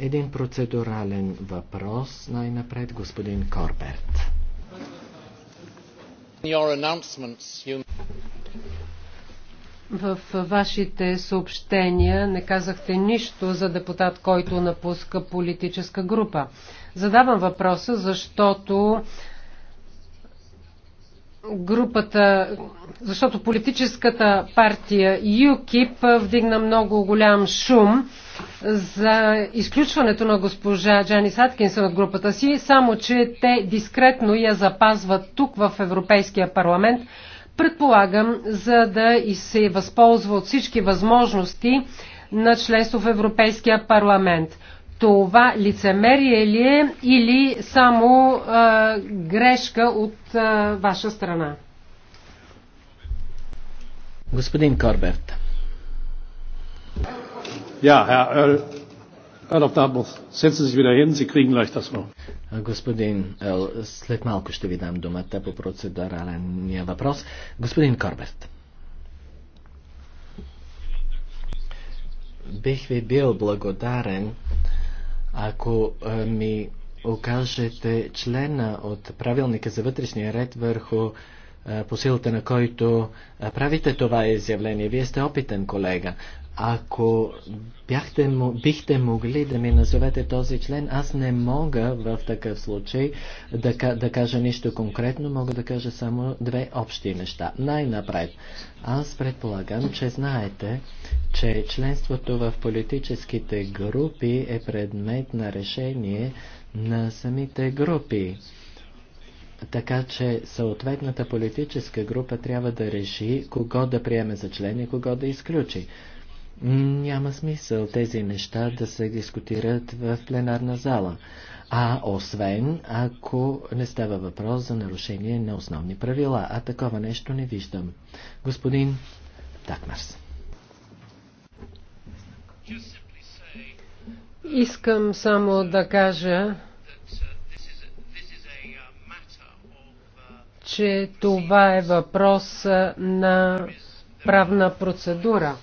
Един процедурален въпрос най-напред господин Корберт. В вашите съобщения не казахте нищо за депутат, който напуска политическа група. Задавам въпроса, защото групата, защото политическата партия ЮКИП вдигна много голям шум за изключването на госпожа Джанис Аткинсън от групата си, само че те дискретно я запазват тук в Европейския парламент, предполагам, за да и се възползва от всички възможности на членство в Европейския парламент. Това лицемерие ли е или само а, грешка от а, ваша страна? Господин Корберт. Господин Ел, след малко ще ви дам думата по процедуралния въпрос. Господин Корберт. Бих ви бил благодарен, ако ми окажете члена от правилника за вътрешния ред върху uh, по силата на който правите това изявление. Вие сте опитен колега. Ако бяхте, бихте могли да ми назовете този член, аз не мога в такъв случай да, да кажа нищо конкретно, мога да кажа само две общи неща. Най-напред, аз предполагам, че знаете, че членството в политическите групи е предмет на решение на самите групи. Така че съответната политическа група трябва да реши кого да приеме за член и кого да изключи. Няма смисъл тези неща да се дискутират в пленарна зала. А освен, ако не става въпрос за нарушение на основни правила, а такова нещо не виждам. Господин Такмарс. Искам само да кажа, че това е въпрос на правна процедура.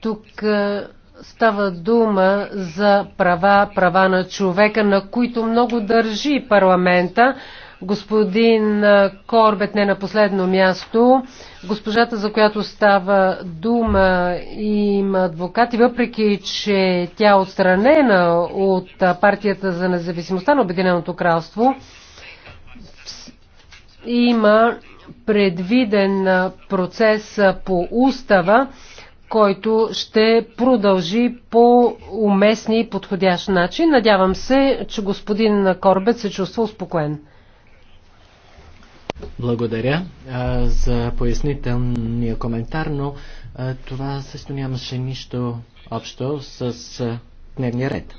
Тук става дума за права, права на човека, на които много държи парламента господин Корбет не на последно място. Госпожата, за която става дума, има адвокат и въпреки, че тя е отстранена от партията за независимостта на Обединеното кралство, има предвиден процес по устава, който ще продължи по уместни и подходящ начин. Надявам се, че господин Корбет се чувства успокоен. Благодаря а, за пояснителния коментар, но а, това също нямаше нищо общо с а, дневния ред.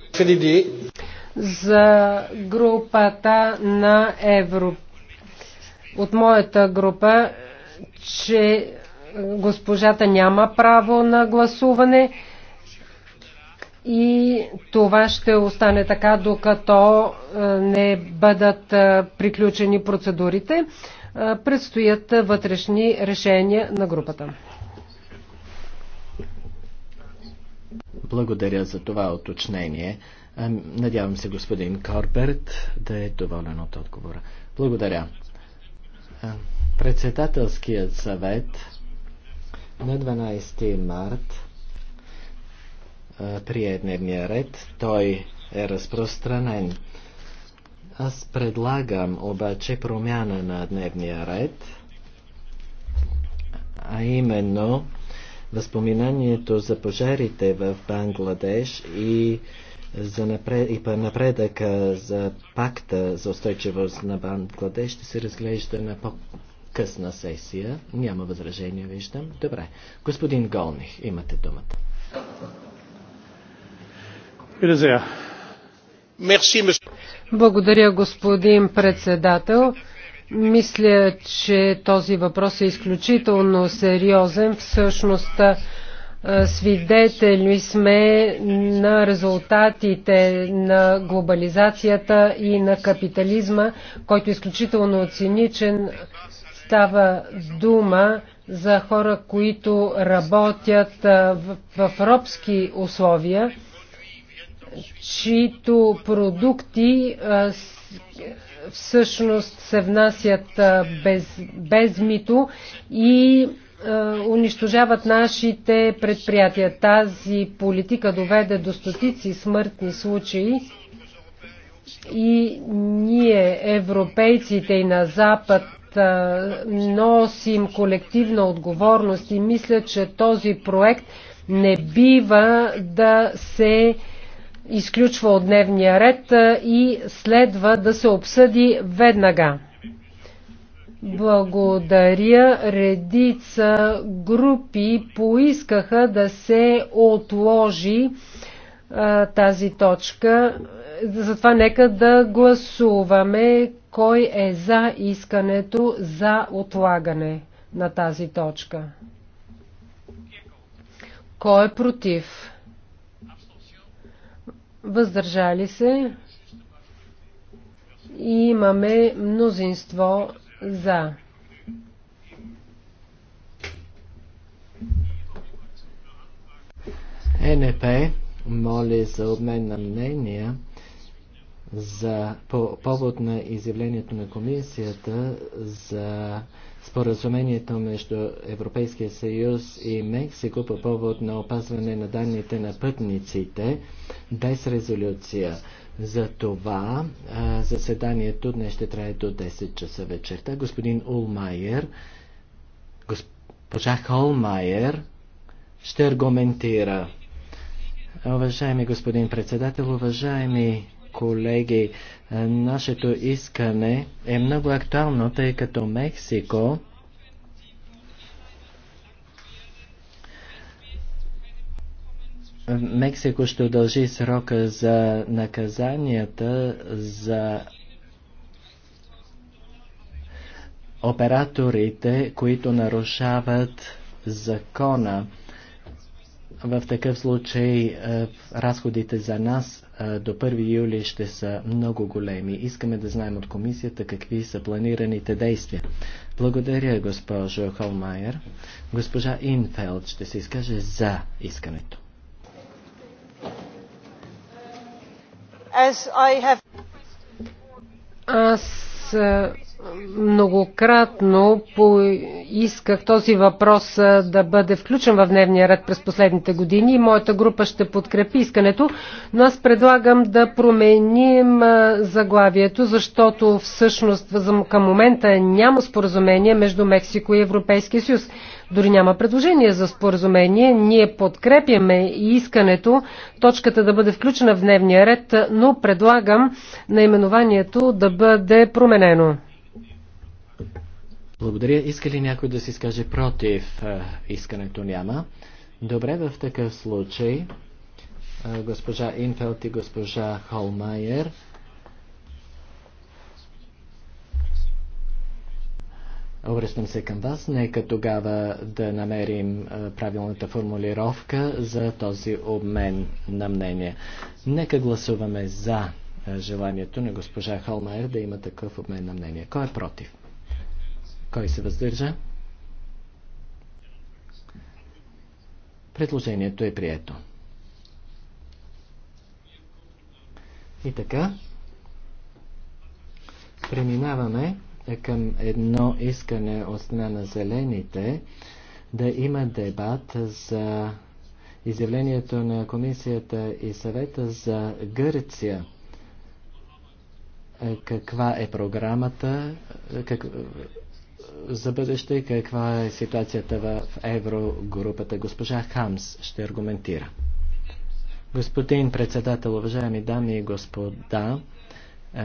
За групата на Евро... От моята група, че госпожата няма право на гласуване и това ще остане така, докато е, не бъдат е, приключени процедурите. Е, предстоят вътрешни решения на групата. Благодаря за това уточнение. Надявам се господин Корберт да е доволен от отговора. Благодаря. Председателският съвет на 12 март прие дневния ред. Той е разпространен. Аз предлагам обаче промяна на дневния ред, а именно възпоминанието за пожарите в Бангладеш и за напред, и напредъка за пакта за устойчивост на Бангладеш ще се разглежда на по-късна сесия. Няма възражения, виждам. Добре. Господин Голних, имате думата. Благодаря, господин председател. Мисля, че този въпрос е изключително сериозен. Всъщност, свидетели сме на резултатите на глобализацията и на капитализма, който е изключително циничен. Става дума за хора, които работят в робски условия чието продукти всъщност се внасят без, без мито и унищожават нашите предприятия. Тази политика доведе до стотици смъртни случаи и ние, европейците и на Запад, носим колективна отговорност и мисля, че този проект не бива да се изключва от дневния ред и следва да се обсъди веднага. Благодаря. Редица групи поискаха да се отложи а, тази точка. Затова нека да гласуваме кой е за искането за отлагане на тази точка. Кой е против? въздържали се и имаме мнозинство за. Е, НП моли за обмен на мнения за по повод на изявлението на комисията за споразумението между Европейския съюз и Мексико по повод на опазване на данните на пътниците без резолюция. За това заседанието днес ще трае до 10 часа вечерта. Господин Улмайер, госпожа Холмайер ще аргументира. Уважаеми господин председател, уважаеми колеги, е, нашето искане е много актуално, тъй като Мексико Мексико ще удължи срока за наказанията за операторите, които нарушават закона. В такъв случай е, разходите за нас е, до 1 юли ще са много големи. Искаме да знаем от комисията какви са планираните действия. Благодаря, госпожо Холмайер. Госпожа Инфелд ще се изкаже за искането. Аз е, многократно поисках този въпрос да бъде включен в дневния ред през последните години и моята група ще подкрепи искането, но аз предлагам да променим заглавието, защото всъщност към момента няма споразумение между Мексико и Европейския съюз. Дори няма предложение за споразумение. Ние подкрепяме искането точката да бъде включена в дневния ред, но предлагам наименованието да бъде променено. Благодаря. Иска ли някой да си скаже против е, искането? Няма. Добре, в такъв случай е, госпожа Инфелт и госпожа Холмайер Обръщам се към вас. Нека тогава да намерим е, правилната формулировка за този обмен на мнение. Нека гласуваме за желанието на госпожа Холмайер да има такъв обмен на мнение. Кой е против? Кой се въздържа? Предложението е прието. И така, преминаваме към едно искане от страна на зелените да има дебат за изявлението на комисията и съвета за Гърция. Е, каква е програмата? Е, как, забъдеще, каква е ситуацията в еврогрупата. Госпожа Хамс ще аргументира. Господин председател, уважаеми дами и господа, е,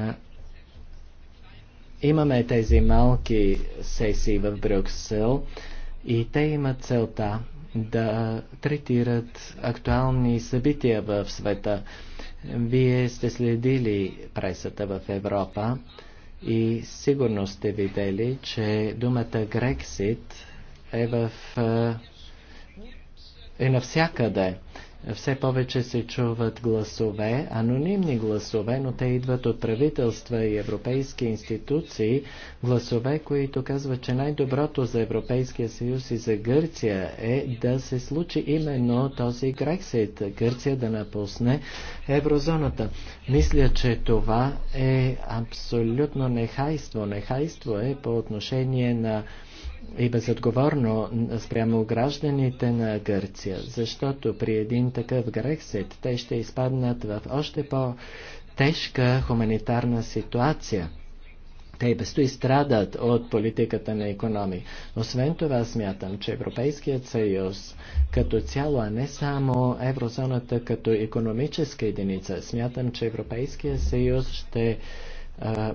имаме тези малки сесии в Брюксел и те имат целта да третират актуални събития в света. Вие сте следили пресата в Европа. И сигурно сте видели, че думата Грексит е в е, е навсякъде. Все повече се чуват гласове, анонимни гласове, но те идват от правителства и европейски институции, гласове, които казват, че най-доброто за Европейския съюз и за Гърция е да се случи именно този Грексит, Гърция да напусне еврозоната. Мисля, че това е абсолютно нехайство. Нехайство е по отношение на и безотговорно спрямо гражданите на Гърция, защото при един такъв Грексит те ще изпаднат в още по-тежка хуманитарна ситуация. Те и без страдат от политиката на економи. Освен това смятам, че Европейският съюз като цяло, а не само еврозоната като економическа единица, смятам, че Европейският съюз ще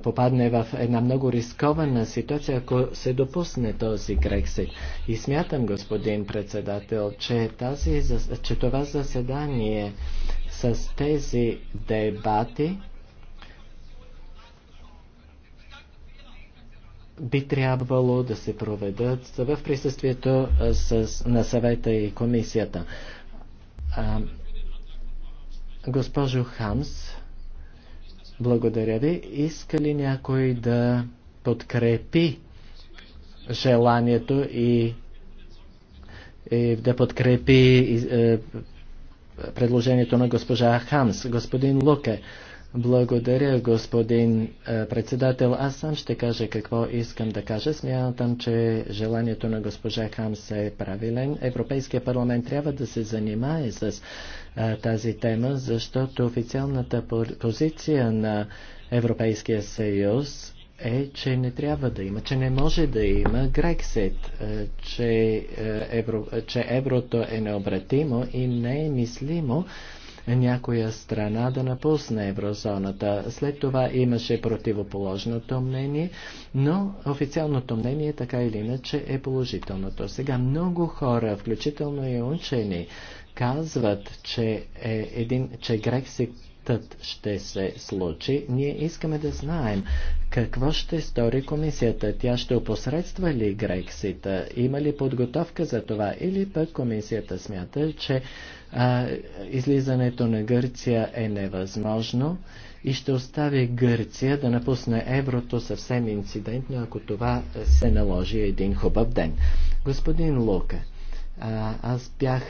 попадне в една много рискована ситуация, ако се допусне този Грексит. И смятам, господин председател, че, тази, че това заседание с тези дебати би трябвало да се проведат в присъствието с, на съвета и комисията. А, госпожо Хамс, благодаря ви. Иска ли някой да подкрепи желанието и, и да подкрепи и, е, предложението на госпожа Хамс, господин Луке? Благодаря, господин е, председател. Аз сам ще кажа какво искам да кажа. Смятам, че желанието на госпожа Хамс е правилен. Европейския парламент трябва да се занимае с е, тази тема, защото официалната позиция на Европейския съюз е, че не трябва да има, че не може да има Грексит, е, че, евро, че еврото е необратимо и не е мислимо някоя страна да напусне еврозоната. След това имаше противоположното мнение, но официалното мнение така или иначе е положителното. Сега много хора, включително и учени, казват, че, е един, че Грексит конфликтът ще се случи, ние искаме да знаем какво ще стори комисията. Тя ще опосредства ли Грексита? Има ли подготовка за това? Или пък комисията смята, че а, излизането на Гърция е невъзможно и ще остави Гърция да напусне еврото съвсем инцидентно, ако това се наложи един хубав ден. Господин Лука, а, аз бях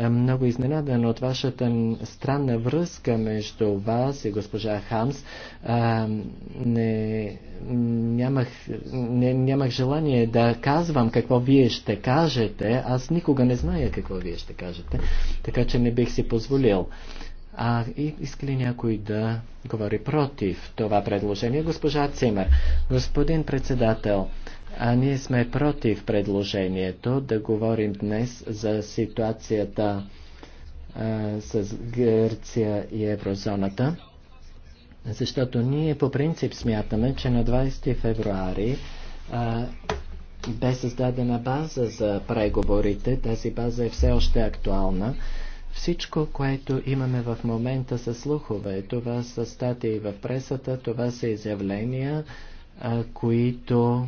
е, много изненадан от вашата странна връзка между вас и госпожа Хамс. Е, не, нямах, не, нямах желание да казвам какво вие ще кажете. Аз никога не зная какво вие ще кажете, така че не бих си позволил. А иска ли някой да говори против това предложение? Госпожа Цимер, господин председател, а ние сме против предложението да говорим днес за ситуацията а, с Гърция и еврозоната, защото ние по принцип смятаме, че на 20 февруари а, бе създадена база за преговорите. Тази база е все още актуална. Всичко, което имаме в момента са слухове. Това са статии в пресата, това са изявления, а, които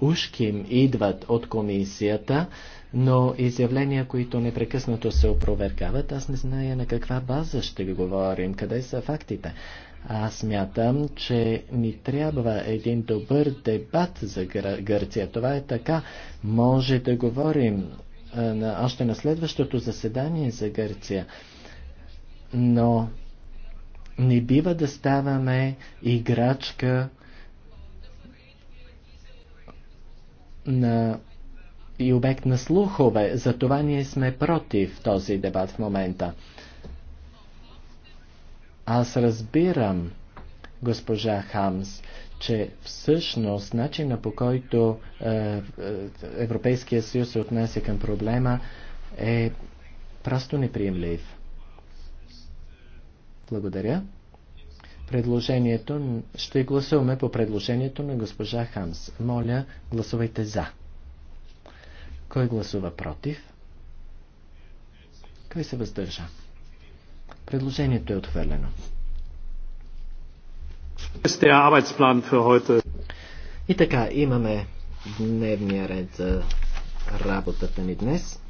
ушким идват от комисията, но изявления, които непрекъснато се опровергават, аз не зная на каква база ще ви говорим, къде са фактите. Аз мятам, че ни трябва един добър дебат за Гърция. Това е така. Може да говорим на, още на следващото заседание за Гърция. Но не бива да ставаме играчка на и обект на слухове. Затова ние сме против този дебат в момента. Аз разбирам, госпожа Хамс, че всъщност начина по който е, е, Европейския съюз се отнася към проблема е просто неприемлив. Благодаря. Предложението, ще гласуваме по предложението на госпожа Ханс. Моля, гласувайте за. Кой гласува против? Кой се въздържа? Предложението е отхвърлено. И така, имаме дневния ред за работата ни днес.